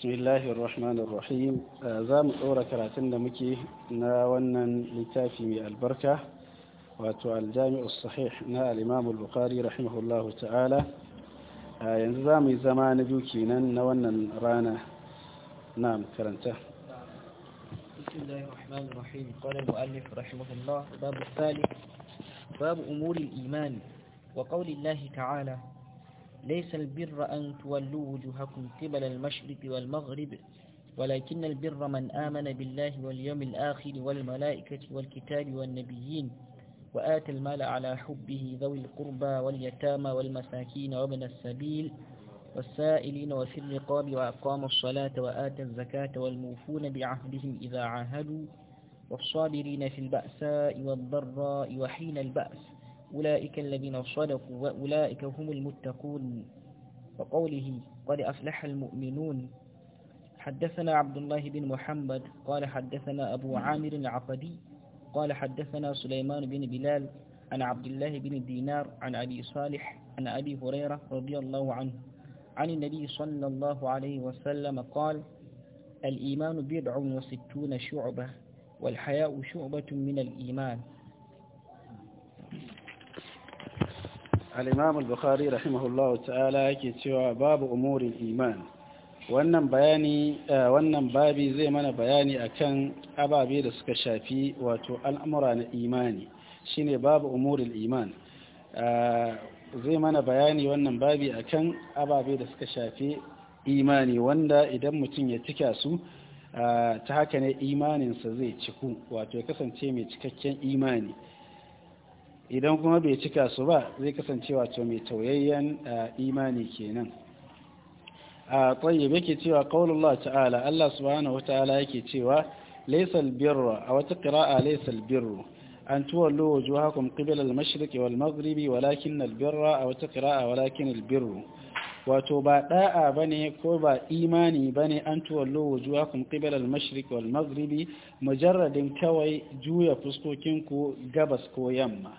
بسم الله الرحمن الرحيم زام أورا كراتن نمكي ناونا لتافي من البركة واتو الجامع الصحيح نا الإمام البخاري رحمه الله تعالى ينزام زمان بيكينا ناونا رانا نعم كرنتا بسم الله الرحمن الرحيم قال المؤلف رحمه الله باب الثالث باب أمور الإيمان وقول الله تعالى ليس البر أن تولوا وجوهكم قبل المشرق والمغرب ولكن البر من آمن بالله واليوم الآخر والملائكة والكتاب والنبيين وآت المال على حبه ذوي القربى واليتامى والمساكين وابن السبيل والسائلين وفي الرقاب وأقاموا الصلاة وآت الزكاة والموفون بعهدهم إذا عاهدوا والصابرين في البأساء والضراء وحين البأس أولئك الذين صدقوا وأولئك هم المتقون وقوله قد أفلح المؤمنون حدثنا عبد الله بن محمد قال حدثنا أبو عامر العقدي قال حدثنا سليمان بن بلال عن عبد الله بن دينار عن أبي صالح عن أبي هريرة رضي الله عنه عن النبي صلى الله عليه وسلم قال الإيمان بضع وستون شعبة والحياء شعبة من الإيمان al-imam al-bukhari rahimahullahu ta'ala yake cewa babu umurin iman wannan bayani eh, wannan babi zai mana bayani akan ababe da suka shafi wato al'amura na imani shine babu umurin iman eh, zai mana bayani wannan babi akan ababe da suka shafi imani wanda idan mutum ya cika su eh, ta haka ne imaninsa zai ciku wato ya kasance mai cikakken imani idan kuma bai cika su ba zai kasance wato mai tauyayyen eh, imani kenan a tsayyib yake cewa qaulullah ta'ala Allah subhanahu wata'ala yake cewa laisal birru a wata qira'a laisal birru an tuwallu wujuhakum qibla al-mashriqi wal maghribi walakin a wata qira'a walakin al-birru wato ba ba ne, ko ba imani ne, an tuwallo wujuhakum qibla al-mashriq wal maghribi mujarradin kawai juya fuskokin ku gabas ko yamma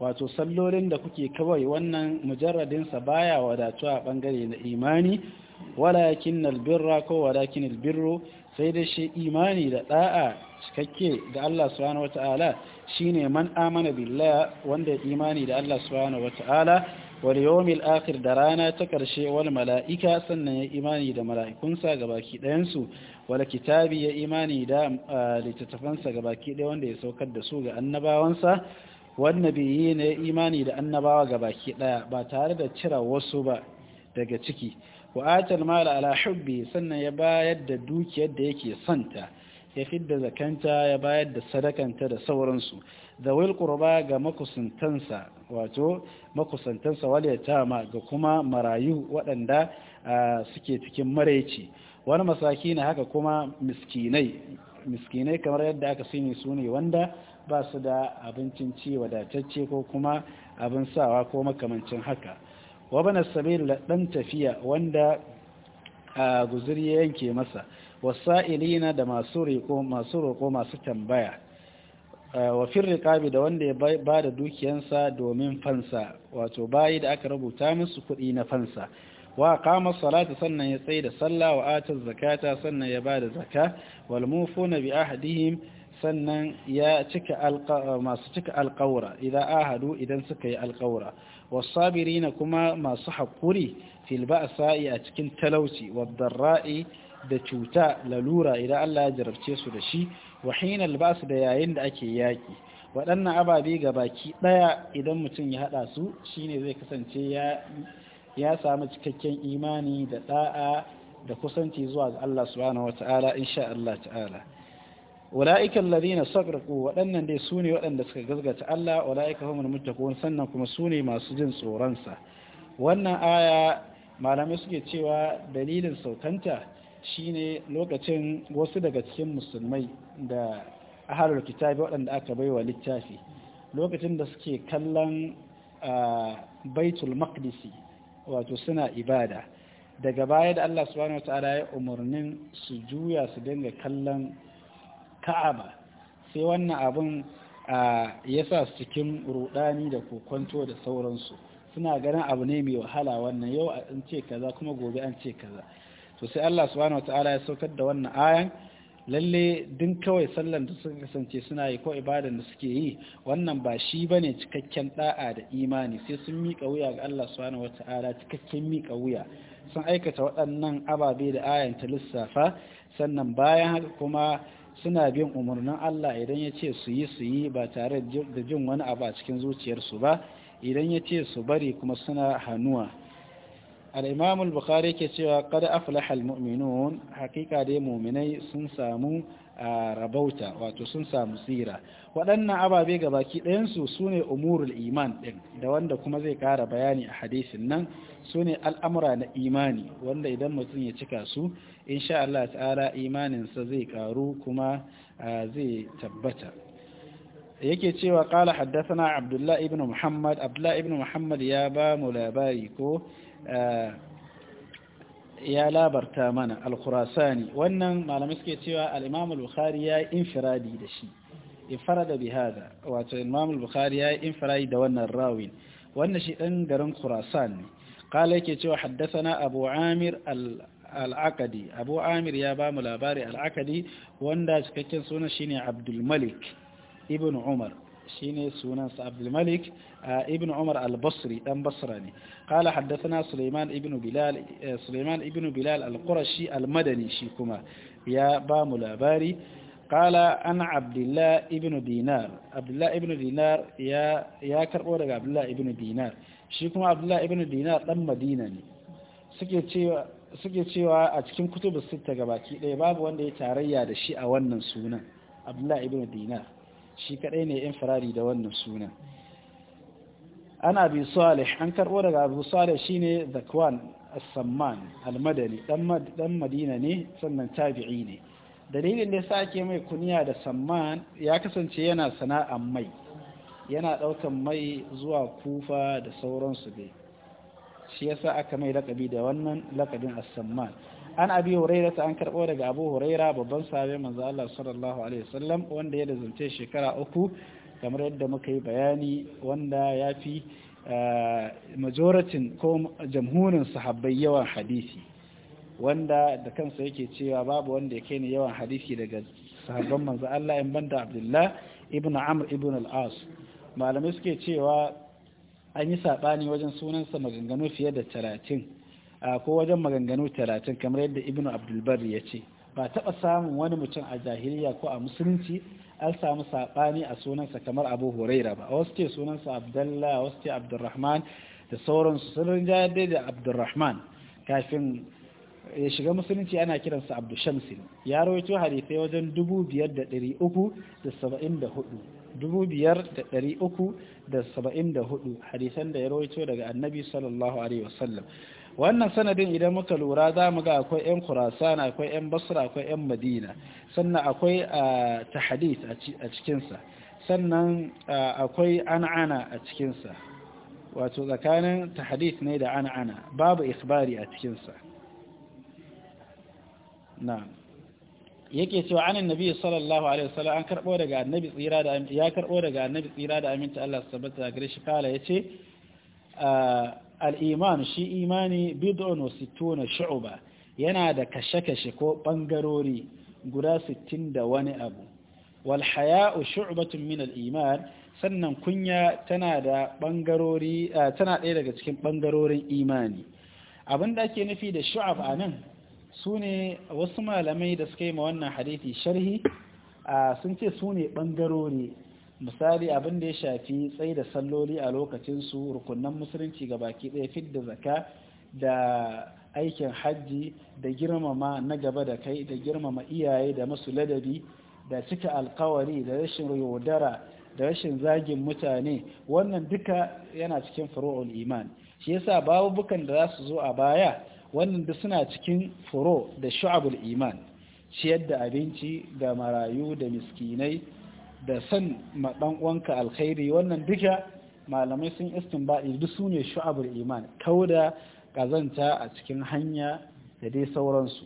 wato sallolin da kuke kawai wannan mujarradinsa baya wadatuwa a bangare na imani walakin albirra ko walakin albirru sai da shi imani da da'a cikakke da Allah subhanahu wata'ala shine man amana billah wanda imani da Allah subhanahu wata'ala wal yawmil akhir da rana ta karshe wal mala'ika sannan ya imani da mala'ikunsa ga ɗayan su wal kitabi ya imani da ah, littattafansa baki ɗaya wanda ya saukar da su ga annabawansa wannabiyi ne imani da annabawa ga baki daya ba tare da cira wasu ba daga ciki wa atal mala ala hubbi sannan ya bayar da dukiyar da yake santa ya fidda zakanta ya bayar da sadakanta da sauransu da wil qurba ga makusantansa wato makusantansa wal tama ga kuma marayu waɗanda suke cikin maraici wani masaki na haka kuma miskinai miskinai kamar yadda aka sani su ne wanda ba su da abincin ci wadatacce ko kuma abin sawa ko makamancin haka wabana sabir da ɗan tafiya wanda a guzuri ya yanke masa wasa'ilina da masu roƙo masu tambaya wa firriƙabi da wanda ya ba da dukiyansa domin fansa wato bayi da aka rubuta musu kuɗi na fansa wa kama salata sannan ya tsaye da sallah wa ata zakata sannan ya ba da zaka mufuna bi ahadihim sannan ya cika masu cika alƙawura idan ahadu idan suka yi alƙawura wasabiri na kuma masu haƙuri filba sa'i a cikin talauci ra'i da cuta lalura idan Allah ya jarabce su da shi wahina albasu da yayin da ake yaƙi waɗannan ababe ga baki ɗaya idan mutum ya haɗa su shine zai kasance ya samu cikakken imani da ɗa'a da kusanci zuwa ga Allah subhanahu wa ta'ala insha Allah ta'ala ula'ikan ladina sagraku waɗannan dai su ne waɗanda suka gazgata Allah ula'ika humul muttaqun sannan kuma su ne masu jin tsoronsa wannan aya malamai suke cewa dalilin saukanta shine lokacin wasu daga cikin musulmai da ahalul kitabi waɗanda aka baiwa littafi lokacin da suke kallon baitul maqdisi wato suna ibada daga baya da Allah subhanahu wataala ya umarnin su juya su dinga kallon ka'aba sai wannan abin ya sa su cikin rudani da kokwanto da sauransu suna ganin abu ne mai wahala wannan yau an ce kaza kuma gobe an ce kaza to sai Allah subhanahu wataala ya saukar da wannan ayan lalle din kawai sallan da suka kasance suna yi ko ibadar da suke yi wannan ba shi bane cikakken da'a da imani sai sun mika wuya ga Allah subhanahu wataala cikakken mika wuya sun aikata waɗannan ababe da ayan ta lissafa sannan bayan haka kuma suna bin umarnin Allah idan ya ce su yi su yi ba tare da jin wani abu a cikin zuciyarsu ba idan ya ce su bari kuma suna hannuwa al-imam al-bukhari yake cewa kada aflaha al-mu'minun hakika dai mu'minai sun samu rabauta wato sun samu tsira waɗannan ababe ga baki ɗayansu su ne umurul iman ɗin da wanda kuma zai ƙara bayani a hadisin nan su ne al'amura na imani wanda idan mutum ya cika su insha Allah ta'ala imaninsa zai ƙaru kuma zai tabbata yake cewa qala haddathana abdullahi ibn muhammad abdullahi ibn muhammad ya ba mu labari ko eh, ya labarta mana al-khurasani wannan malamai suke cewa al-imam al-bukhari ya infiradi da shi infarada bi hada wato imam al-bukhari ya infiradi da wannan rawin wannan shi dan garin khurasan ne qala yake cewa haddathana abu amir al-aqadi abu amir ya ba mu labari al-aqadi wanda cikakken sunan shine abdul malik ibn umar shine sunansa abdulmalik eh, ibn umar al-basri dan basra ne kala haddathana suleiman ibn bilal eh, suleiman ibn bilal al-qurashi al-madani shi kuma ya ba mu labari kala an abdullah ibn dinar abdullah ibn dinar ya ya karbo daga abdullah ibn dinar shi kuma abdullah ibn dinar dan madina ne suke cewa suke cewa a cikin kutubus sita gabaki ɗaya babu wanda ya tarayya da shi a wannan sunan abdullah ibn dinar shi kadai ne infirari da wannan suna ana bi salih an karbo daga abu salih shine zakwan as-samman al-madani dan madina ne sannan tabi'i ne dalilin da yasa ake mai kuniya da samman ya kasance yana sana'an mai yana daukan mai zuwa kufa da sauransu dai shi yasa aka mai lakabi da wannan lakabin as-samman an abi huraira ta an karɓo daga abu huraira babban sahabi manzo Allah sallallahu alaihi wasallam wanda ya dazunce shekara uku kamar yadda muka yi bayani wanda ya fi eh, majoratin ko jamhurin sahabbai yawan hadisi wanda da kansa yake cewa babu wanda ya kai yawan hadisi daga sahabban manzo Allah in banda Abdullah ibn Amr ibn al-As malamai suke cewa an yi sabani wajen sunansa maganganu fiye da 30 ko wajen maganganu talatin kamar yadda ibn abdulbar ya ce ba taɓa samun wani mutum a jahiliya ko a musulunci an samu saɓani a sunansa kamar abu huraira ba a wasu ce sunansa abdallah wasu ce abdurrahman da sauransu sun rinja yadda da abdurrahman kafin ya shiga musulunci ana kiransa abdu ya rawaito hadisai wajen 5,374 hadisan da ya rawaito daga annabi sallallahu alaihi wasallam wannan sanadin idan muka lura za mu ga akwai 'yan kurasana akwai 'yan basra akwai 'yan madina sannan akwai tahadis a cikinsa sannan akwai an'ana a cikinsa wato tsakanin tahadis ne da an'ana babu isbari a cikinsa na yake cewa anan nabi sallallahu alaihi wasallam an karbo daga annabi tsira da ya karbo daga annabi tsira da aminta Allah subhanahu wa ta'ala ya ce kala al'iman shi imani bidon wasituna shu'uba yana da kashe-kashe ko ɓangarori guda sittin da wani abu walhaya'u tun min al'iman sannan kunya tana da ɓangarori tana ɗaya daga cikin ɓangarorin imani abin da ake nufi da shu'ab a nan su ne wasu malamai da suka yi ma wannan hadithi sharhi sun ce su ne ɓangarori misali abin da ya shafi tsaye da salloli a lokacinsu rukunan musulunci ga baki ɗaya fit da zaka da aikin hajji da girmama na gaba da kai da girmama iyaye da masu ladabi da cika alkawari da rashin yaudara da rashin zagin mutane wannan duka yana cikin furo'ul iman shi yasa babubukan da za su zo a baya wannan duk suna cikin furo da shu'abul iman ciyar da abinci ga marayu da miskinai da san ma uwanka alkhairi wannan duka malamai sun istinbadi duk su sune shu'abul iman kauda kazanta a cikin hanya da dai sauransu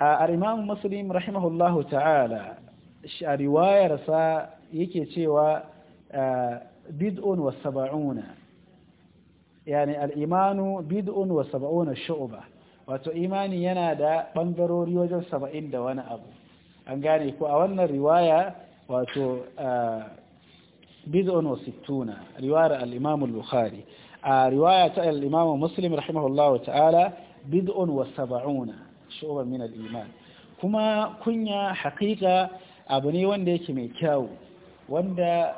a al-imam muslim rahimahullahu ta'ala a riwayarsa yake cewa bid'un wa sab'una yani al-imanu bid'un wa sab'una shu'ba wato imani yana da bangarori wajen saba'in da wani abu an gane ko a wannan riwaya wato bid'un wa sittuna riwaya al-imam al-bukhari a riwaya ta al-imam muslim rahimahullahu ta'ala bid'un wa sab'una shu'ban min al-iman kuma kunya haqiqa abu ne wanda yake mai kyau wanda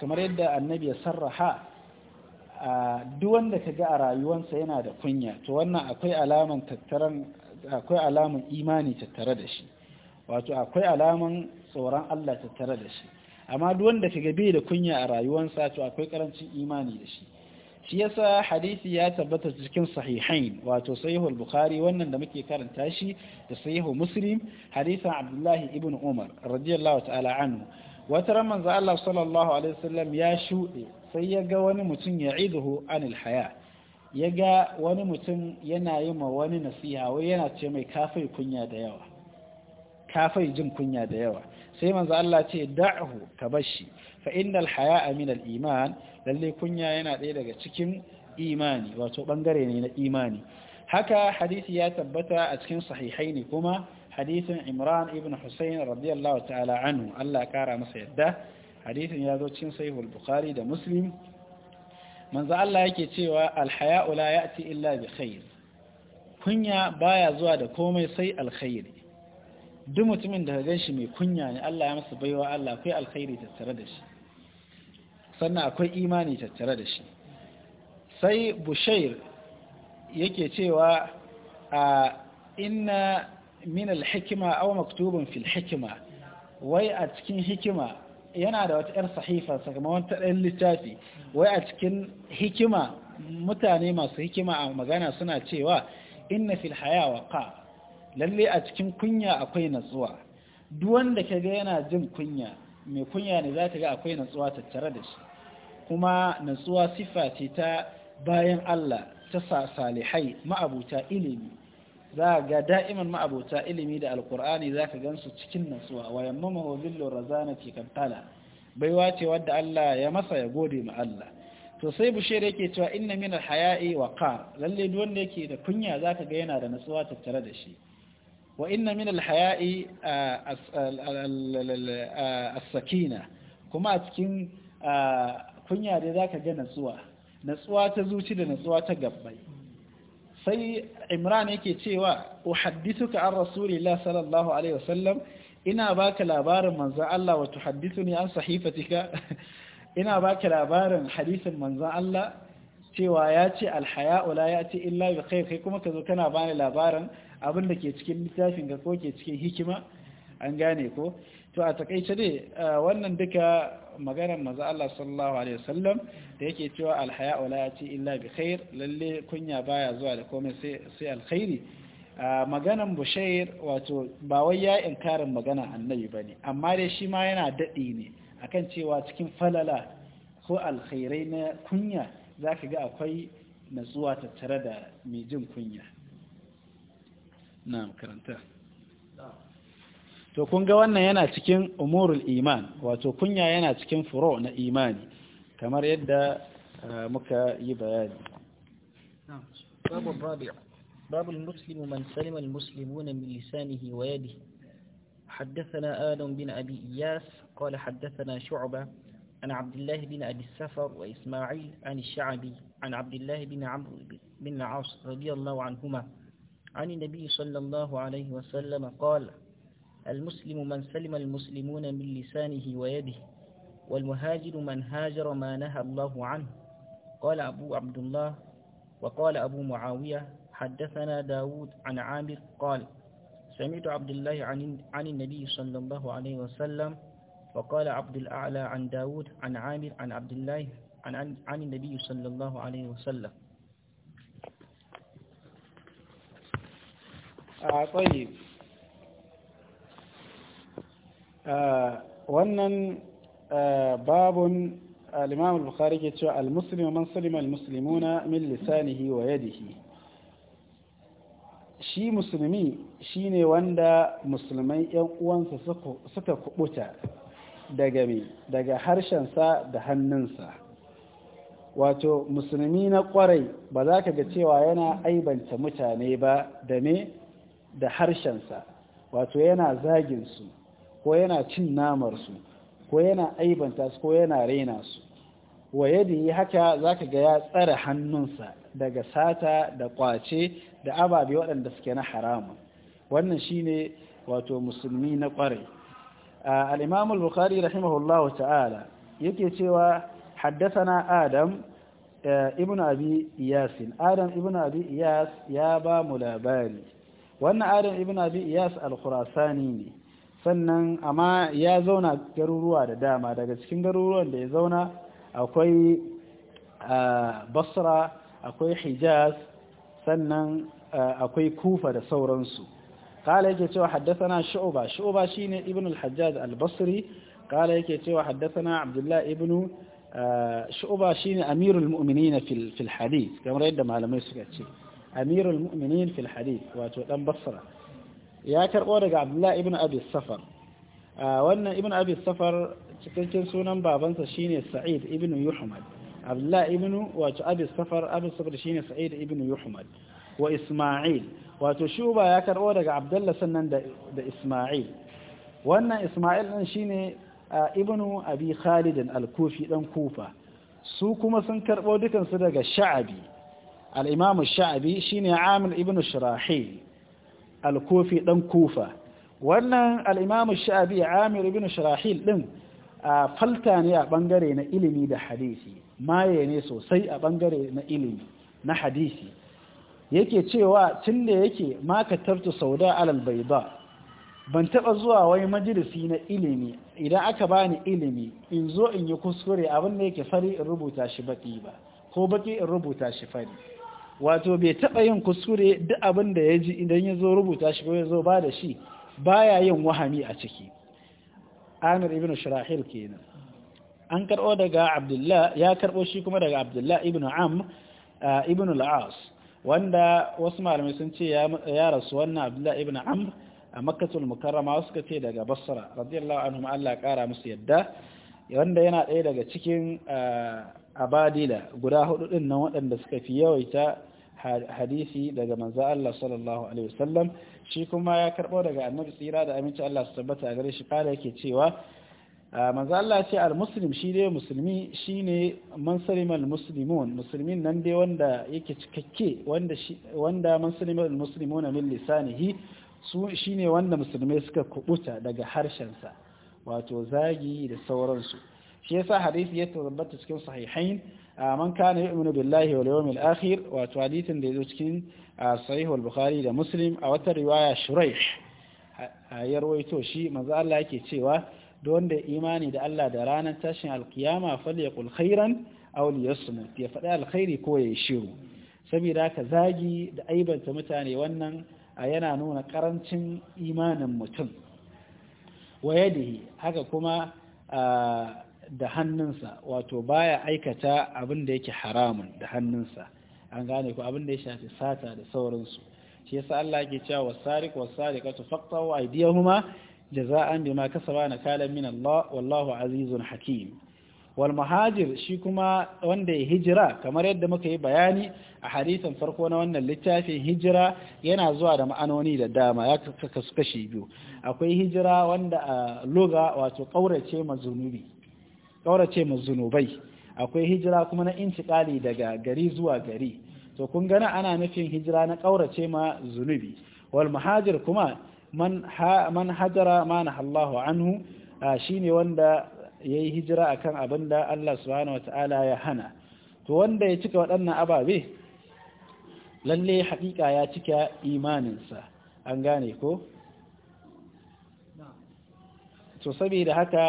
kamar yadda annabi ya sarraha duk wanda ka ga a rayuwansa yana da kunya to wannan akwai alaman tattaran akwai alaman imani tattare da shi wato akwai alaman tsoron Allah tattare da shi amma duk wanda kaga bai da kunya a rayuwarsa to akwai karancin imani da shi shi yasa hadisi ya tabbata cikin sahihain wato sahihul bukhari wannan da muke karanta shi da sahihu muslim hadisin abdullahi ibn umar radiyallahu ta'ala anhu wata ran manzo Allah sallallahu alaihi wasallam ya shuɗe sai ya ga wani mutum ya idhu anil haya ya ga wani mutum yana yi ma wani nasiha wai yana ce mai kafai kunya da yawa kafai jin kunya da yawa sai manzo Allah ce da'hu ka bashi fa innal haya'a min al iman lalle kunya yana ɗaya daga cikin imani wato bangare ne na imani haka hadisi ya tabbata a cikin sahihaini kuma hadisin Imran ibn Husayn radiyallahu ta'ala anhu Allah kara masa yadda hadisin ya zo cikin sahihul Bukhari da Muslim manzo Allah yake cewa al haya'u la ya'ti illa bi khair kunya baya zuwa da komai sai alkhairi duk mutumin da gan shi mai kunya ne Allah ya masa baiwa Allah akwai alkhairi tattare da shi sannan akwai imani tattare da shi sai bushair yake cewa a inna min alhikima aw maktubun fil hikima wai a cikin hikima yana da wata 'yar sahifa sakamakon ta ɗan littafi wai a cikin hikima mutane masu hikima a magana suna cewa inna fil haya lalle a cikin kunya akwai natsuwa duk wanda ga yana jin kunya mai kunya ne zaka ga akwai natsuwa tattare da shi kuma natsuwa sifa ce ta bayan Allah ta salihai ma'abuta ilimi za ga da'iman ma'abuta ilimi da alkur'ani za ka gansu cikin natsuwa wa yammama wa billu razana ke kantala baiwa ce wadda Allah ya masa ya gode ma Allah to sai bushere yake cewa inna min alhaya'i wa qar lalle duk wanda yake da kunya za ka ga yana da natsuwa tattare da shi wa inna min alhaya'i as-sakina kuma a cikin kunya dai zaka ga natsuwa natsuwa ta zuci da natsuwa ta gabbai sai imran yake cewa uhaddithuka an rasulillah sallallahu alaihi wasallam ina baka labarin manzon Allah wa tuhaddithuni an sahifatika ina baka labarin hadisin manzon Allah cewa ya ce alhaya la ya ce illa bi khair kai kuma ka zo kana bani labarin abin da ke cikin littafin ga ko ke cikin hikima an gane ko to a takaice dai wannan duka maganar maza Allah sallallahu alaihi wasallam da yake cewa alhaya'u la ya ce illa bi khair lalle kunya baya zuwa da komai sai sai alkhairi maganan bushair wato ba wai ya inkarin magana annabi bane amma dai shi ma yana dadi ne akan cewa cikin falala ko alkhairai na kunya za ka ga akwai natsuwa tattare da mai jin kunya na karanta to kun ga wannan yana cikin umurul iman wato kunya yana cikin furo na imani kamar yadda eh, muka yi bayani babu rabi'a باب المسلم من سلم المسلمون من لسانه ويده حدثنا آدم بن أبي إياس قال حدثنا شعبة عن عبد الله بن أبي السفر وإسماعيل عن الشعبي عن عبد الله بن عمرو بن عاص رضي الله عنهما عن النبي صلى الله عليه وسلم قال المسلم من سلم المسلمون من لسانه ويده والمهاجر من هاجر ما نهى الله عنه قال أبو عبد الله وقال أبو معاوية حدثنا داود عن عامر قال سمعت عبد الله عن, عن النبي صلى الله عليه وسلم وقال عبد الأعلى عن داود عن عامر عن عبد الله عن, عن, عن النبي صلى الله عليه وسلم آه طيب آه ونن آه باب آه، الإمام البخاري المسلم من سلم المسلمون من لسانه ويده شي مسلمي شي نيواندا مسلمي 'yan uwansa suka daga me daga harshensa da hannunsa wato musulmi na kwarai ba za ka ga cewa yana aibanta mutane ba da me da harshensa wato yana zagin su ko yana cin su ko yana aibanta su ko yana raina su wa yi haka za ka ga ya tsare hannunsa daga sata da kwace da ababe waɗanda suke na haramun wannan shine wato musulmi na kwarai al البخاري رحمه bukhari تعالى ta'ala yake cewa haddathana adam ibn abi iyas adam ibn abi iyas ya ba mu labari wannan adam ibn ne sannan amma ya zauna garuruwa da dama daga cikin garuruwan da ya zauna akwai basra akwai hijaz sannan akwai kufa da sauransu قال يكي تيوى حدثنا شعبة شعبة شين ابن الحجاج البصري قال يكي تيوى حدثنا عبد الله ابن شعبة شين أمير المؤمنين في في الحديث كما رأيت ما لم يسكت أمير المؤمنين في الحديث وتوتن بصرة يا كرقورة عبد الله ابن أبي السفر وأن ابن أبي السفر cikakken sunan babansa shine Sa'id ibn Yuhmad Abdullah ibn wato Abi Safar Abi Safar shine Sa'id ibn Yuhmad wa Isma'il wato shuba ya karbo daga Abdullah sannan da Isma'il wannan Isma'il din shine ibnu Abi Khalid al-Kufi dan Kufa su kuma sun karbo dukan su daga shabi al-Imam Sha'bi shine Amir ibn Shirahil al-Kufi dan Kufa wannan al-Imam Sha'bi Amir ibn Shirahil din falta ne a bangare na ilimi da hadisi maye ne sosai a bangare na ilimi na hadisi yake cewa tun da yake makatartu sauda alal ba ban taba zuwa wani majalisi na ilimi idan aka bani ilimi in zo in yi kuskure abin da yake fari in rubuta shi baki ba ko baki in rubuta shi fari wato bai taba yin kuskure duk abin da ya ji idan ya zo rubuta shi ko ya zo ba da shi baya yin wahami a ciki amir ibn shirahil kenan an karbo daga abdullah ya karbo shi kuma daga abdullah ibn am ah, ibn al-as wanda wasu malamai sun ce ya rasu wannan abdullahi ibn amr a makkatul mukarrama wasu ce daga basra radiyallahu anhu Allah kara musu yadda wanda yana ɗaya daga cikin abadila guda hudu din nan waɗanda suka fi yawaita hadisi daga manzo Allah sallallahu alaihi wasallam shi kuma ya karbo daga annabi tsira da aminci Allah su tabbata a gare shi kala yake cewa Ah, manzo Allah ce al-muslim shi dai musulmi shine man salimal muslimun musulmin nan dai wanda yake cikakke wanda wanda man salimal muslimuna min lisanihi su shine wanda musulmai suka kubuta daga harshensa wato zagi da sauransu shi yasa hadisi ya tabbata cikin sahihain ah, man kana yu'minu billahi wal yawmil akhir wato hadisin da yazo cikin ah, sahih al-bukhari da muslim a wata riwaya shuraih a yarwaito shi manzo Allah yake cewa da wanda imani da Allah da ranar tashin alkiyama falyaqul khairan aw ya faɗi alkhairi ko ya shiru saboda haka zagi da aibanta mutane wannan a yana nuna karancin imanin mutum wa haka kuma da hannunsa wato baya aikata abin da yake haramun da hannunsa an gane ku abin da ya shafi sata da sauransu shi yasa Allah yake cewa wasariq wasariqatu faqtahu aydiyahuma jaza'an bima kasaba kalan min Allah wallahu azizun hakim wal muhajir shi kuma wanda ya hijira kamar yadda muka yi bayani a hadisin farko na wannan littafin hijira yana zuwa da ma'anoni da dama ya kasu kashi biyu akwai hijira wanda a loga wato kaurace ma zunubi kaurace ma zunubai akwai hijira kuma na intikali daga gari zuwa gari to kun gana ana nufin hijira na kaurace ma zunubi wal muhajir kuma man hajara ma na Allahu anhu shine wanda ya yi hijira akan abin da Allah subhanahu ta'ala ya hana to wanda ya cika waɗannan ababe lalle haƙiƙa ya cika imaninsa an gane ko to saboda haka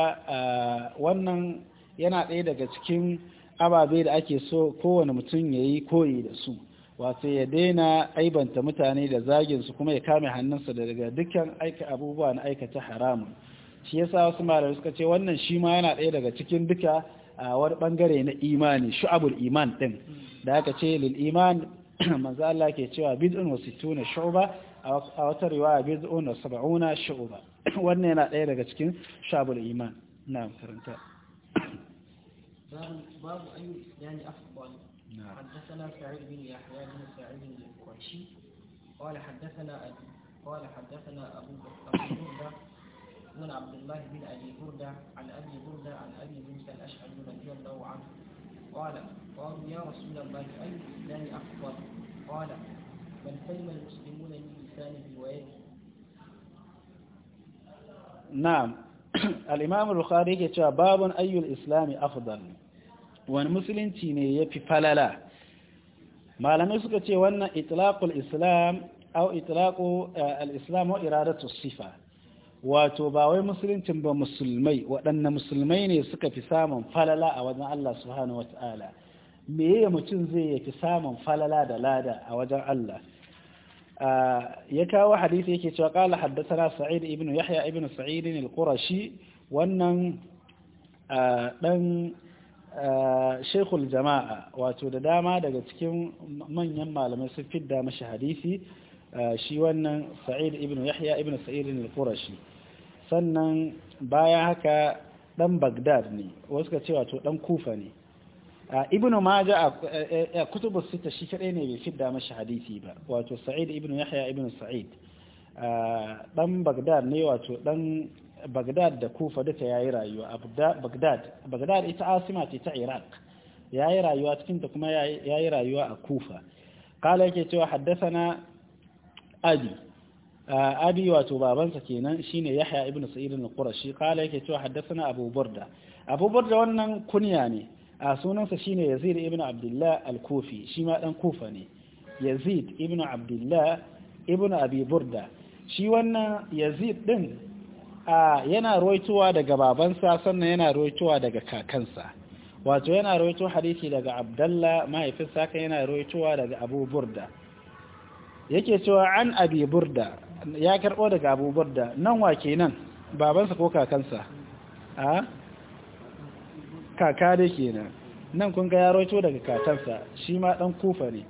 wannan yana ɗaya daga cikin ababe da ake so kowane mutum ya yi koyi da su wato ya daina aibanta mutane da zaginsu kuma ya kame hannunsa daga dukkan aika abubuwa na aikata haramun shi yasa wasu malamai suka ce wannan shi ma yana ɗaya daga cikin duka a wani bangare na imani shu'abul iman din da aka ce lil iman manzo Allah ke cewa bid'un wa sittuna shu'ba a wata riwaya bid'un wa sab'una shu'ba wannan yana ɗaya daga cikin shu'abul iman na karanta babu babu yani afdal نعم. حدثنا سعيد بن يحيى بن سعيد القرشي قال حدثنا قال حدثنا أبو بردة بن عبد الله بن أبي بردة عن أبي بردة عن أبي موسى الأشعري رضي الله عنه قال قالوا يا رسول الله أي الإسلام أفضل قال من سلم المسلمون من لسانه ويده نعم الإمام البخاري كتب باب أي الإسلام أفضل wani musulunci ne ya fi falala malamai suka ce wannan itlaqul islam au itlaqu eh, al-islam wa iradatu sifa wato ba wai musuluncin ba musulmai waɗanne musulmai ne suka fi samun falala a wajen Allah subhanahu wata'ala mutum zai yafi samun falala da lada a wajen Allah eh, ya kawo hadisi yake cewa qala haddathana sa'id ibn yahya ibn sa'id al-qurashi wannan dan eh, shekul jama'a wato da dama daga cikin manyan malamai sun fidda mashi hadisi shi wannan sa'id ibn yahya ibn sa'id ibn qurashi sannan baya haka dan bagdad ne wasu ka ce wato dan kufa ne ibn maja a kutubus sita shi kadai ne bai fidda mashi hadisi ba wato sa'id ibn yahya ibn sa'id dan bagdad ne wato dan bagdad da kufa duka yayi rayuwa bagdad bagdad ita asima ce ta iraq yayi rayuwa cikin ta kuma yayi rayuwa a kufa kala yake cewa haddathana abi abi wato babansa kenan shine yahya Ibn sa'id al-qurashi kala yake cewa haddathana abu burda abu burda wannan kunya ne a sunansa shine yazid ibn abdullah al-kufi shi ma dan kufa ne yazid ibn abdullah ibn abi burda shi wannan yazid din A yana roituwa daga babansa sannan yana roituwa daga kakansa wato yana roito hadisi daga abdalla mahaifinsa haka yana roituwa daga abu burda yake cewa an abi burda ya karɓo daga abu burda nan wa kenan babansa ko kakansa a kaka da kenan nan kun ga ya roito daga kakansa shi ma dan kufa ne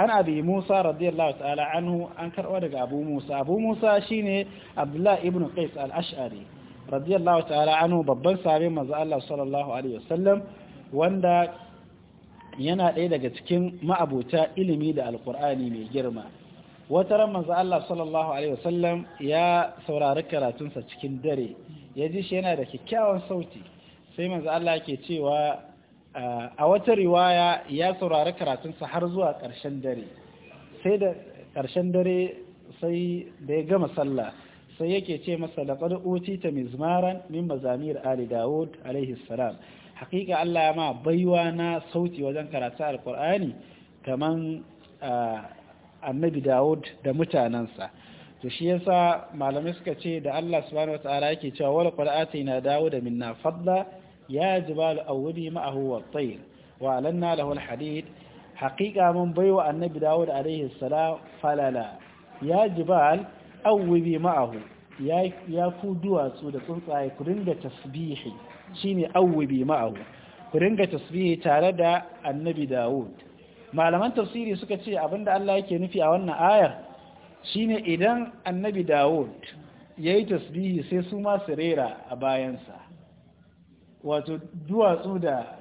an abi musa radiyallahu ta'ala anhu an karɓa daga abu musa abu musa shine abdullahi ibn qais al-ash'ari radiyallahu ta'ala anhu babban sahabi manzo Allah sallallahu alaihi wasallam wanda yana ɗaya daga cikin ma'abuta ilimi da alkur'ani mai girma wata ran manzo Allah sallallahu alaihi wasallam ya saurari karatunsa cikin dare ya ji shi yana da kyakkyawan sauti sai manzo Allah ke cewa a wata riwaya ya saurari karatunsa har zuwa ƙarshen dare sai da ƙarshen dare sai da ya gama sallah sai yake ce masa laqad ta mizmaran min mazamir ali daud alaihi salam hakika Allah ya ma baiwa na sauti wajen karatu alkur'ani kaman annabi daud da mutanensa to shi yasa malamai suka ce da Allah subhanahu ta'ala yake cewa wal qur'ati na da minna fadla يا جبال ma'ahu معه والطير وأعلنا له الحديد حقيقة من بيوى النبي داود عليه السلام فلا لا يا جبال أولي ma'ahu ya ku duwatsu da tsuntsaye ku ringa tasbihi shine awwabi ma'ahu ku ringa tasbihi tare da annabi Dawud malaman tafsiri suka ce abinda Allah yake nufi a wannan ayar shine idan annabi Dawud yayi tasbihi sai su ma su rera a bayansa wato duwatsu da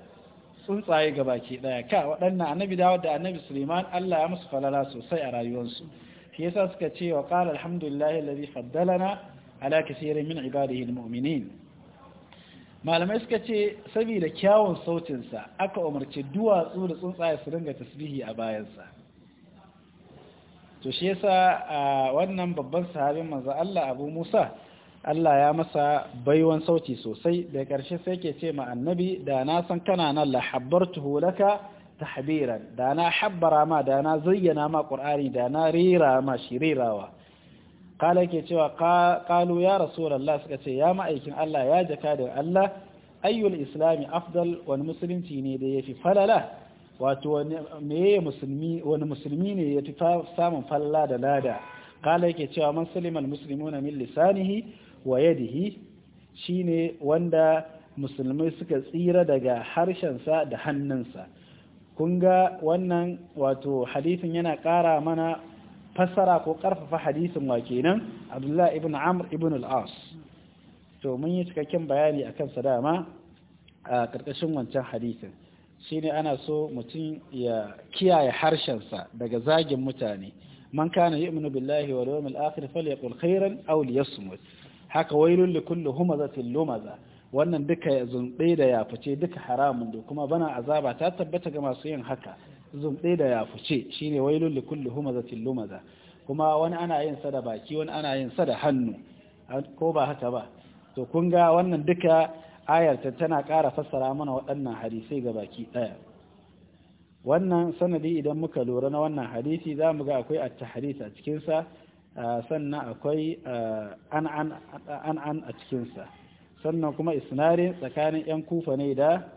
tsuntsaye ga baki daya ka waɗannan annabi dawud da annabi suleiman allah ya musu falala sosai a rayuwarsu shi yasa suka ce wa qala alhamdulillahi alladhi faddalana ala kaseerin min ibadihi almu'minin malamai suka ce saboda kyawun sautin sa aka umarci duwatsu da tsuntsaye su ringa tasbihi a bayansa to shi yasa wannan babban sahabin manzo Allah Abu Musa Allah ya masa baiwan sauti sosai da ƙarshe sai ke ce ma annabi da na san kana nan la habbartuhu ta tahbiran da na habbara ma da na zayyana ma ƙur'ani da na rera ma shi kala ke cewa kalu ya rasulullah suka ce ya ma'aikin Allah ya jaka da Allah ayyul islami afdal wani musulunci ne da yafi falala wato meye wani musulmi ne ya fi samun falala da lada kala yake cewa man salimal na min lisanihi wa yadihi shine wanda musulmai suka tsira daga harshensa da hannunsa kun ga wannan wato hadisin yana ƙara mana fassara ko ƙarfafa hadisin wa kenan abdullahi ibn amr ibn al-as to mun yi cikakken bayani a kansa dama a ƙarƙashin wancan hadisin shi ne ana so mutum ya kiyaye harshensa daga zagin mutane man kana yi billahi wa yawmil akhir falyaqul khairan aw liyasmut haka wailun li kulli humazatin lumaza wannan duka zumbe da ya fice duka haramun da kuma bana azaba ta tabbata ga masu yin haka zumbe da ya fice shine wailun li kulli humazatin lumaza kuma wani ana yin sa da baki wani ana yin sa da hannu ko ba haka ba to kun ga wannan duka ayar ta tana ƙara fassara mana waɗannan hadisai ga baki ɗaya wannan sanadi idan muka lura na wannan hadisi za mu ga akwai at a cikin sa sannan akwai an'an a cikinsa sannan kuma isnari tsakanin 'yan kufa ne da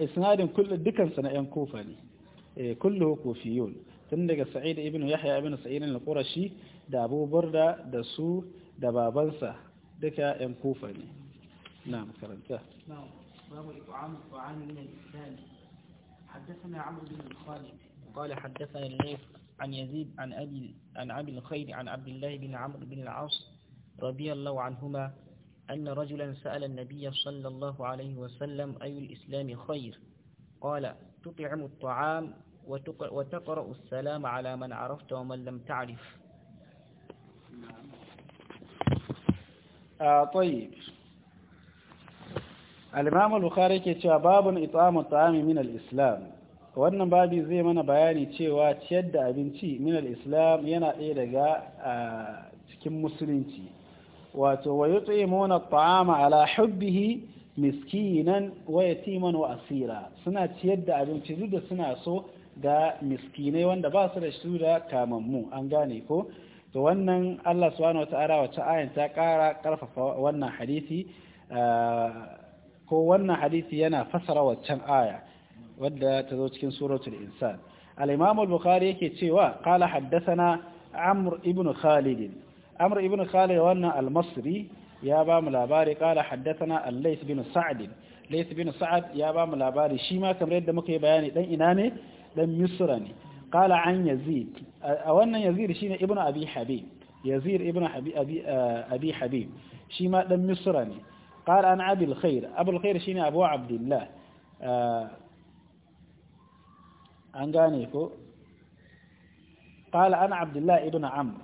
isnadin dukansa na 'yan kufa ne kullu kufiyun tun daga sa'id ibn yahya ibn sa'id al-qurashi da abubuwar da da su da babansa duka 'yan kufa ne na makaranta حدثنا عمرو بن قال حدثنا الليث عن يزيد عن أبي عن أبي الخير عن عبد الله بن عمرو بن العاص رضي الله عنهما أن رجلا سأل النبي صلى الله عليه وسلم أي الإسلام خير قال تطعم الطعام وتقرأ السلام على من عرفت ومن لم تعرف آه طيب الإمام البخاري كتاب باب إطعام الطعام من الإسلام wannan babi zai mana bayani cewa ciyar da abinci minar islam yana ɗaya daga cikin musulunci wato wa yi mona ta'ama ala hubbihi miskinan wa yatiman wa asira suna ciyar da abinci duk da suna so ga miskinai wanda ba su da shi da kamammu an gane ko to wannan Allah subhanahu ta'ala wata ayin ta kara karfafa wannan hadisi ko wannan hadisi yana fasara waccan aya wadda ta zo cikin suratul insan al-imam al-bukhari yake cewa qala haddathana amr ibn khalid amr ibn khalid wannan al-masri ya ba mu labari qala haddathana al-lays bin sa'd lays bin sa'd ya ba mu labari shi ma kamar yadda muka yi bayani dan ina ne dan misra ne qala an yazid a wannan yazid shine ibn abi habib yazid ibn abi habib shi ma dan misra ne an عن أبي الخير أبو الخير شيني أبو عبد الله an gane ko qala ana abdullahi ibn amr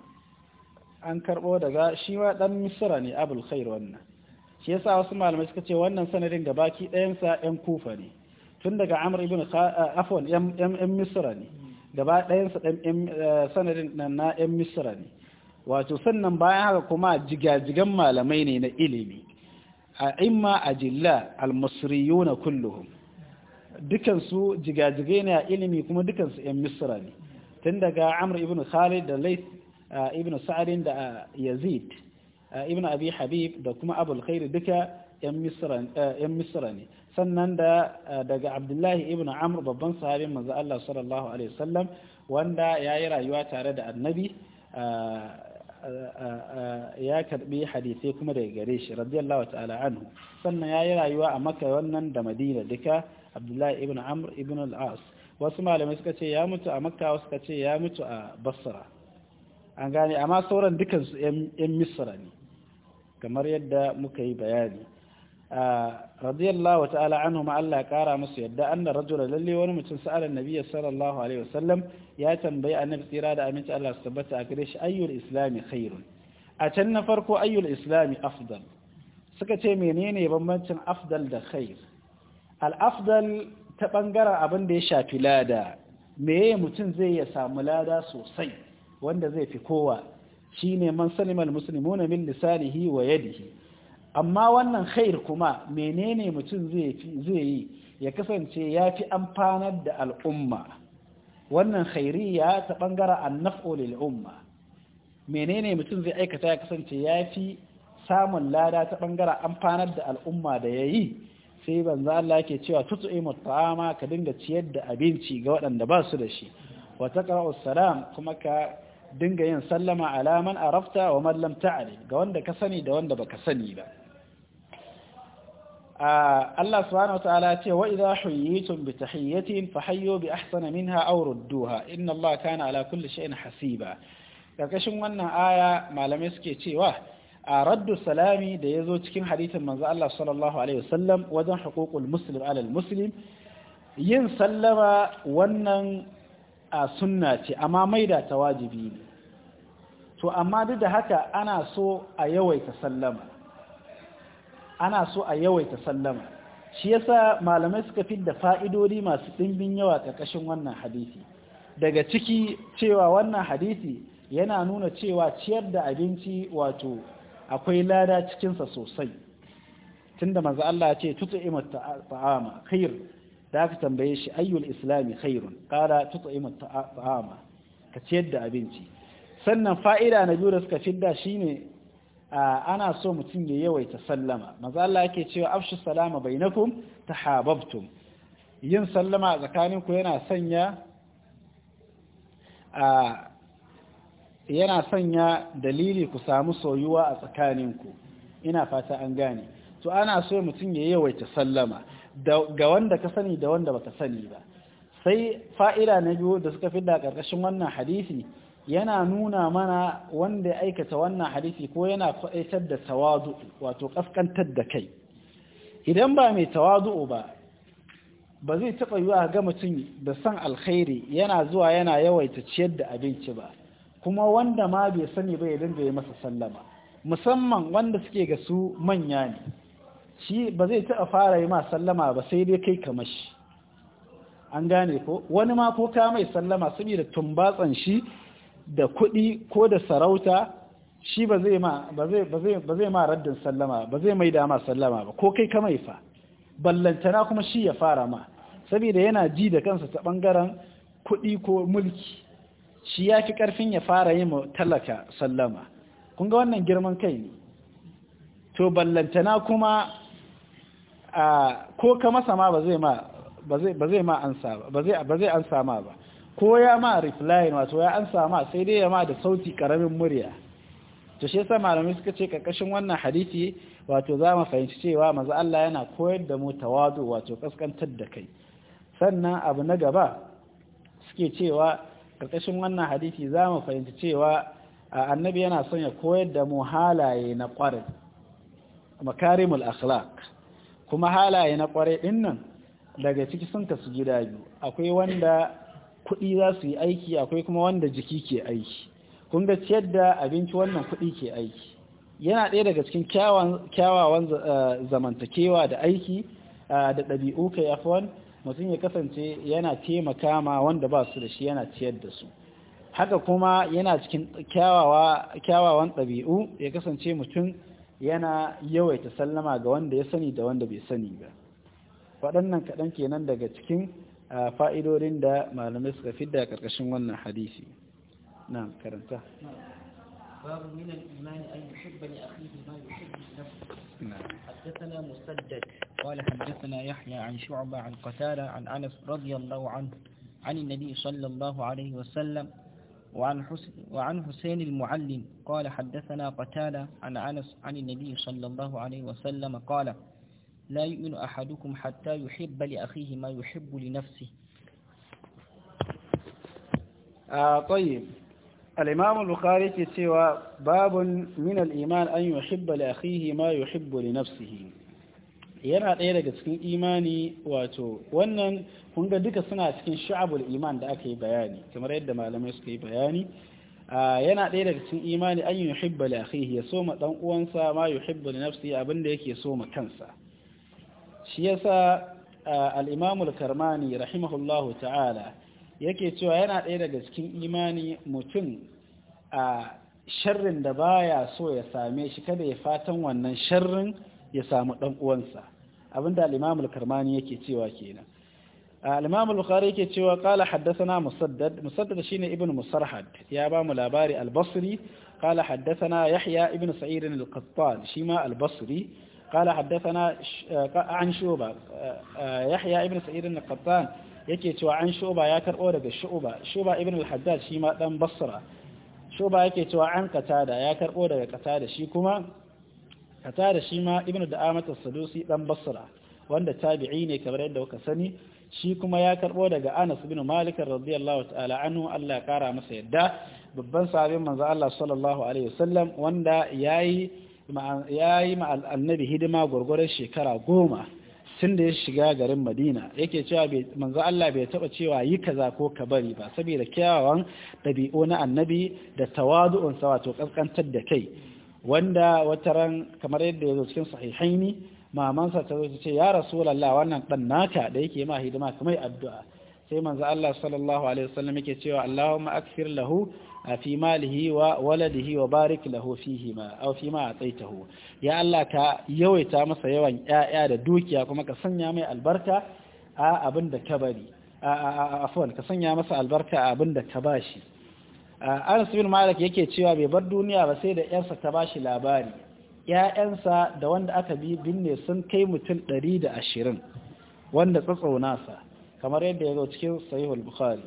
an karbo daga shi ma dan misra ne abul khair wannan shi yasa wasu malamai suka ce wannan sanadin ga baki ɗayan sa ɗan kufa ne tun daga amr ibn afwan ɗan misra ne gaba ɗayan sa ɗan eh, sanadin nan na ɗan misra ne wato sannan bayan haka kuma jigajigan malamai ne na ilimi a imma ajilla al-masriyuna kulluhum dukansu jigajigai ne a ilimi kuma dukansu 'yan misra ne tun daga amr ibn khalid da lait ibn sa'adin da yazid ibn abi habib da kuma abul khairu duka 'yan misra ne sannan da daga abdullahi ibn amr babban sahabin manzo Allah sallallahu alaihi wasallam wanda ya yi rayuwa tare da annabi ya karbi hadisai kuma daga gare shi radiyallahu ta'ala anhu sannan ya yi rayuwa a maka wannan da madina duka abdullahi ibn amr ibn al-as wasu malamai suka ce ya mutu a makka wasu suka ce ya mutu a basra an gane amma sauran dukansu 'yan misra ne kamar yadda muka yi bayani radiyallahu ta'ala anhu ma Allah ya kara musu yadda anna rajula lalle wani mutum sa'alan nabi sallallahu alaihi wasallam ya tambayi annabi tsira da aminci Allah su tabbata a gare shi ayyul islami khairun a can na farko ayyul islami afdal suka ce menene bambancin afdal da khair al'afdal ta ɓangaren abin da ya shafi lada meye mutum zai ya samu lada sosai wanda zai fi kowa shi ne man salimal na min lisanihi wa yadihi amma wannan khair kuma menene mutum zai yi ya kasance ya fi amfanar da al'umma wannan ya ta ɓangaren annaf'o umma. menene mutum zai aikata ya kasance ya fi samun lada ta ɓangaren amfanar da al'umma da ya yi sai banza Allah yake cewa tut'imu ta'ama ka dinga ciyar da abinci ga waɗanda ba su da shi wa taqra'u salam kuma ka dinga yin sallama alaman man arafta wa man lam ta'rif ga wanda ka sani da wanda baka sani ba Allah subhanahu wa ta'ala ce wa idha huyitum bi tahiyyatin hayyu bi ahsana minha aw rudduha inna Allah kana ala kulli shay'in hasiba karkashin wannan aya malamai suke cewa a raddu salami da ya zo cikin hadithin manzo Allah sallallahu alaihi wasallam wajen huququl muslim alal muslim yin sallama wannan a sunna ce amma maida ta wajibi ne to amma duk da haka ana so a yawaita sallama ana so a yawaita sallama shi yasa malamai suka fi da fa'idodi masu dimbin yawa ƙarƙashin wannan hadisi daga ciki cewa wannan hadisi yana nuna cewa ciyar da abinci wato akwai lada cikinsa sosai tunda manzo Allah ya ce tut'imu ta'ama khair da aka tambaye shi ayyul islami khairun qala tut'imu ta'ama ka ciyar da abinci sannan fa'ida na biyu da suka fidda shine ana so mutum ya yawaita sallama manzo Allah yake cewa afshu salama bainakum tahabbtum yin sallama tsakaninku yana sanya a yana sanya dalili ku samu soyuwa a tsakaninku ina fata an gane to ana so mutum ya yawaita sallama ga wanda ka sani da wanda baka sani ba sai fa'ida na biyu da suka fi da karkashin wannan hadisi yana nuna mana wanda ya aikata wannan hadisi ko yana kwaɗaitar da tawadu wato ƙaskantar da kai idan ba mai tawadu ba ba zai taɓa yiwa ga mutum da san alkhairi yana zuwa yana yawaita ciyar da abinci ba kuma wanda ma bai sani ba ya dinga yi masa sallama musamman wanda suke ga su manya ne shi ba zai taɓa fara yi ma sallama ba sai dai kai kamar shi an gane ko wani ma ko ka mai sallama saboda tumbatsan shi da kuɗi ko da sarauta shi ba zai ma ba zai ba zai ba zai ma raddin sallama ba zai mai da ma sallama ba ko kai ka mai fa ballantana kuma shi ya fara ma saboda yana ji da kansa ta bangaren kuɗi ko mulki shi ya fi ƙarfin ya fara yi talaka sallama kun ga wannan girman kai ne to ballantana kuma a ko ka masa ma ba zai ma ba zai ansa ba ma ba ko ya ma replying wato ya ansa ma sai dai ya ma da sauti karamin murya to shi yasa malamai suka ce karkashin wannan hadisi wato za mu fahimci cewa maza Allah yana koyar da mu tawadu wato kaskantar da kai sannan abu na gaba suke cewa ƙarƙashin wannan hadisi za mu fahimci cewa annabi yana son ya koyar da mu halaye na ƙwarin makarimul akhlaq kuma halaye na ƙwarai din nan daga ciki sun kasu gida biyu akwai wanda kuɗi za su yi aiki akwai kuma wanda jiki ke aiki kun ga ciyar da abinci wannan kuɗi ke aiki yana ɗaya daga cikin kyawawan eh, zamantakewa da aiki eh, da ɗabi'u kai afwan mutum ya kasance yana taimaka ma wanda ba su da shi yana ciyar da su haka kuma yana cikin kyawawan ɗabi'u ya kasance mutum yana yawaita sallama ga wanda ya sani da wanda bai sani ba waɗannan kaɗan kenan daga cikin fa'idodin da malamai suka fi da ƙarƙashin wannan hadisi na karanta نعم. حدثنا مسدد قال حدثنا يحيى عن شعبة عن قتالة عن أنس رضي الله عنه عن النبي صلى الله عليه وسلم وعن حسين, وعن حسين المعلم قال حدثنا قتالة عن أنس عن النبي صلى الله عليه وسلم قال لا يؤمن أحدكم حتى يحب لأخيه ما يحب لنفسه آه طيب الإمام البخاري سوى باب من الإيمان أن يحب لأخيه ما يحب لنفسه yana ɗaya daga cikin imani wato wannan kunga duka suna cikin sha'abul iman da aka yi bayani kamar yadda malamai suka yi bayani yana ɗaya daga cikin imani an yuhibba li akhihi ya soma dan uwansa ma yuhibbu li nafsi abinda yake soma kansa shi yasa al-imam karmani rahimahullahu ta'ala yake cewa yana ɗaya daga cikin imani mutum a sharrin da baya so ya same shi kada ya fatan wannan sharrin ya samu ɗan uwansa abinda al-imamul karmani yake cewa kenan al-imamul bukhari yake cewa qala haddasa musaddad musaddad shine ibn musarhad ya ba mu labari al-basri qala na yahya ibn sa'id al-qattan shima al-basri qala na an shuba yahya ibn sa'id al-qattan yake cewa an shuba ya karbo daga shuba shuba ibn al-haddad shi ma dan basra shuba yake cewa an katada ya karbo daga katada shi kuma katada shi ma ibn da'amat as-sadusi dan basra wanda tabi'i ne kamar yadda kuka sani shi kuma ya karbo daga Anas bin Malik radiyallahu ta'ala anhu Allah ya kara masa yadda babban sahabin manzo Allah sallallahu alaihi wasallam wanda yayi yayi ma annabi hidima gurgurar shekara goma tun da ya shiga garin madina yake cewa manzo Allah bai taba cewa yi kaza ko ka bari ba saboda kyawawan ɗabi'u na annabi da tawadu'un sa wato kaskantar da kai wanda wataran kamar yadda ya zo cikin sahihaini mamansa ta zo ta ce ya rasulullah wannan dan naka da yake ma hidima kamar addu'a sai manzo Allah sallallahu alaihi wasallam yake cewa Allahumma akfir lahu a fi malihi wa waladihi wa barik lahu fihi ma aw fi ma ya Allah ka yawaita masa yawan ƴaƴa da dukiya kuma ka sanya mai albarka a abinda ka bari afwan ka sanya masa albarka a abinda ka bashi Anas bin Malik yake cewa bai bar duniya ba sai da ƴarsa ta bashi labari ƴaƴansa da wanda aka bi binne sun kai mutum ɗari 120 wanda tsatsauna sa kamar yadda ya zo cikin Sahih al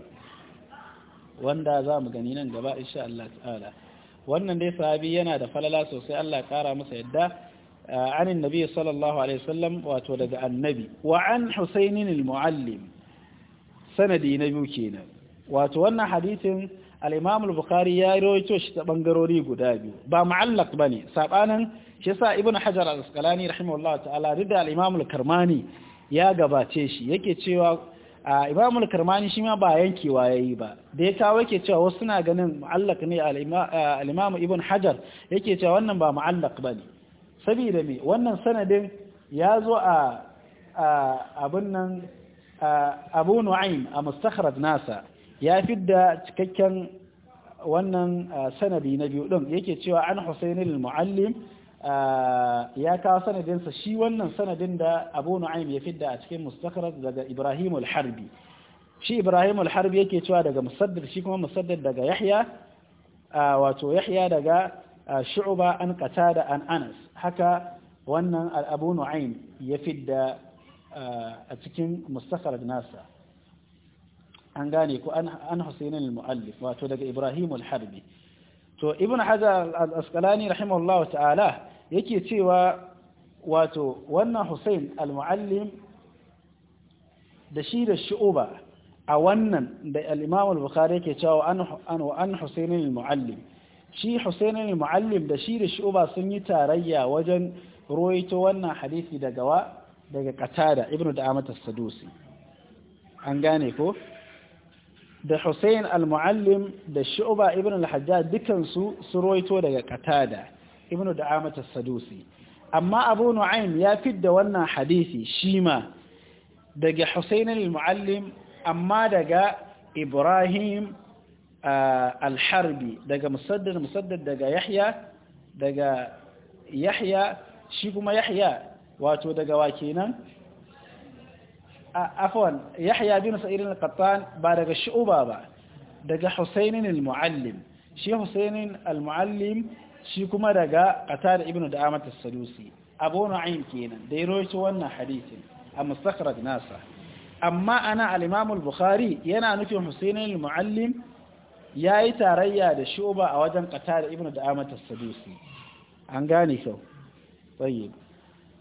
wanda za mu gani nan gaba insha Allah ta'ala wannan dai sahabi yana da falala sosai Allah ya kara masa yadda ah, anin annabi sallallahu alaihi wasallam wato daga annabi wa an husainin almuallim sanadi na biyu kenan wato wannan hadithin al-imam al ya rawaito shi ta bangarori guda biyu ba mu'allaq bane sabanin shi yasa ibnu hajar al-asqalani rahimahullahu ta'ala rida al al-karmani ya gabace shi yake cewa a imam karmani shi ma ba yankewa yayi ba da ya kawo yake cewa wasu suna ganin ma'allak ne eh, al'imamu ibn hajar yake cewa wannan ba ba ne saboda mai wannan sanadin ya zo a abun nan abu nu'aym a mustakhraj nasa ya fi da cikakken wannan eh, sanadi na biyu ɗin yake cewa an husayn al-muallim ya kawo sanadinsa shi wannan sanadin da abu nu'aym ya fidda a cikin mustakhraj daga ibrahim al-harbi shi ibrahim al-harbi yake cewa daga musaddad shi kuma musaddad daga yahya wato yahya daga shu'ba an qatada an anas haka wannan abu nu'aym ya fidda a cikin mustakhraj nasa an gane ku an husayn al-muallif wato daga ibrahim al-harbi to ibn hajar al-asqalani rahimahullah ta'ala yake cewa wato wannan Hussein al-Muallim da shi da Shu'ba a wannan da al-Imam al-Bukhari yake cewa an an Hussein al-Muallim shi Hussein al-Muallim da shi da Shu'ba sun yi tarayya wajen ruwaito wannan hadisi daga wa daga Qatada ibn Da'amat as-Sadusi an gane ko da Hussein al-Muallim da Shu'ba ibn al-Hajjaj su su ruwaito daga Qatada ibn da'amat as-sadusi amma abu nu'aym ya fidda wannan hadisi shima daga husayn al-muallim amma daga ibrahim uh, al-harbi daga musaddad musaddad daga yahya daga yahya shi kuma yahya wato daga wa afwan yahya bin sa'id al-qattan ba daga shu'ba ba daga husayn al-muallim shi husayn al-muallim shi kuma daga qatada ibnu da'amat as salusi abu ayin kenan da ya rawaito wannan hadisin a mustakhraj nasa amma ana alimamul bukhari yana nufin husayn al-muallim yayi tarayya da shoba a wajen qatada ibnu da'amat as salusi an gane kyau tayyib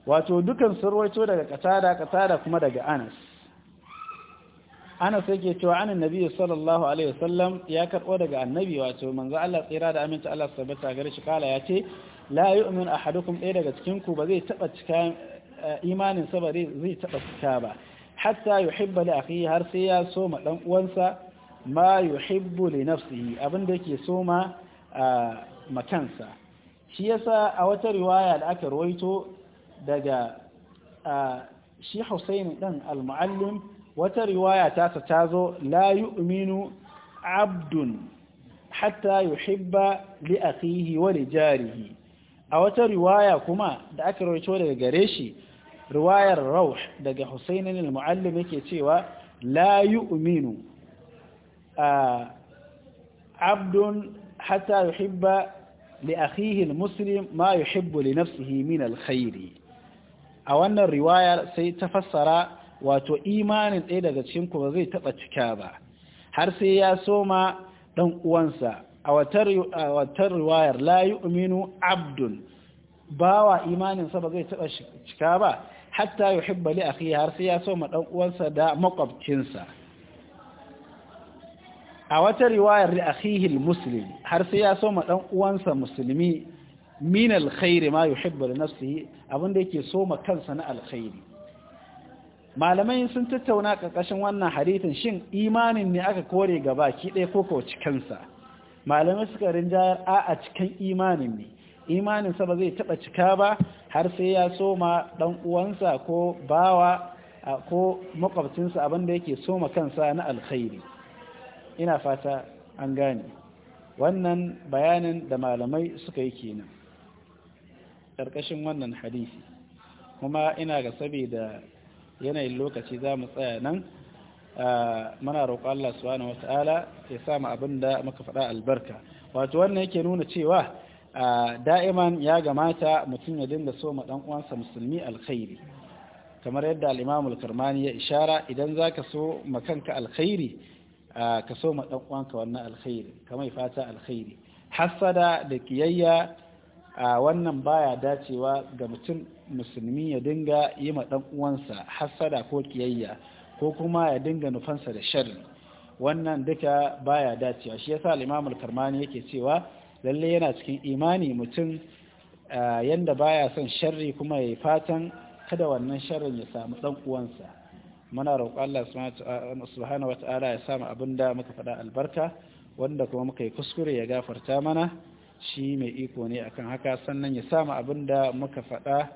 wato dukan sun rawaito daga qatada da kuma daga anas anas ke cewa anan nabi sallallahu alaihi wasallam ya karbo daga annabi wato manzo Allah tsira da aminta Allah tabbata gare shi kala ya ce la yu'min ahadukum ɗaya daga cikin ku ba zai taba cika eh, imanin sa ba zai taba cika ba hatta yuhibba li akhihi har sai ya so ma dan uwansa ma yuhibbu li nafsihi abinda yake so ma makansa shi yasa a wata riwaya da aka rawaito daga shi Husaini dan al-Muallim wata riwaya tasa ta zo la yu'minu abdun hatta yuhibba li akhihi wa li jarihi a wata riwaya kuma da aka rawaito daga gare shi riwayar rauh daga Husayn al-Muallim yake cewa la yu'minu abdun hatta yuhibba li akhihi muslim ma yuhibbu li nafsihi min al a wannan riwayar sai ta fassara wato imanin ɗaya daga cikin ku ba zai taɓa cika ba har sai ya soma ɗan uwansa a watar riwayar la yu'minu abdun bawa imaninsa ba zai taɓa cika ba hatta yuhibba li a har sai ya soma ɗan uwansa da makwabcinsa a wata riwayar da akhihil muslim har sai ya soma ɗan uwansa musulmi min alkhairi ma yuhibbu li nafsihi abinda yake soma kansa na alkhairi malamai sun tattauna ƙarƙashin wannan hadithin shin imanin ne aka kore gaba ki ɗaya ko ko cikinsa malamai suka rinjayar a a cikin imanin ne imanin sa ba zai taɓa cika ba har sai ya soma ɗan uwansa ko bawa ko makwabcinsa abinda yake soma kansa na alkhairi ina fata an gane wannan bayanin da malamai suka yi kenan ƙarƙashin wannan hadisi kuma ina ga saboda yanayin lokaci za mu tsaya nan muna roƙo Allah subhanahu wata'ala ya sa mu abin da muka faɗa albarka wato wannan yake nuna cewa da'iman ya gamata mutum ya dinga so ma dan uwansa musulmi alkhairi kamar yadda al-Imam karmani ya ishara idan zaka so ma kanka alkhairi ka so ma dan uwanka wannan alkhairi kamar fata alkhairi hasada da kiyayya a wannan baya dacewa ga mutum musulmi ya dinga yi ma dan uwansa hasada ko kiyayya ko kuma ya dinga nufansa da sharri wannan duka baya dacewa shi yasa al-Imam al-Karmani yake cewa lalle yana cikin imani mutum yanda baya son sharri kuma ya fatan kada wannan sharrin ya samu dan uwansa muna roƙo Allah subhanahu wa ta'ala ya samu abinda muka faɗa albarka wanda kuma muka yi kuskure ya gafarta mana shi mai iko ne akan haka sannan ya samu abin da muka faɗa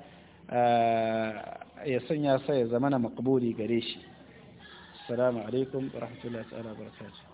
ya sanya sa ya zama na makaburi gare shi assalamu alaikum wa rahmatullahi ta'ala wa barakatuh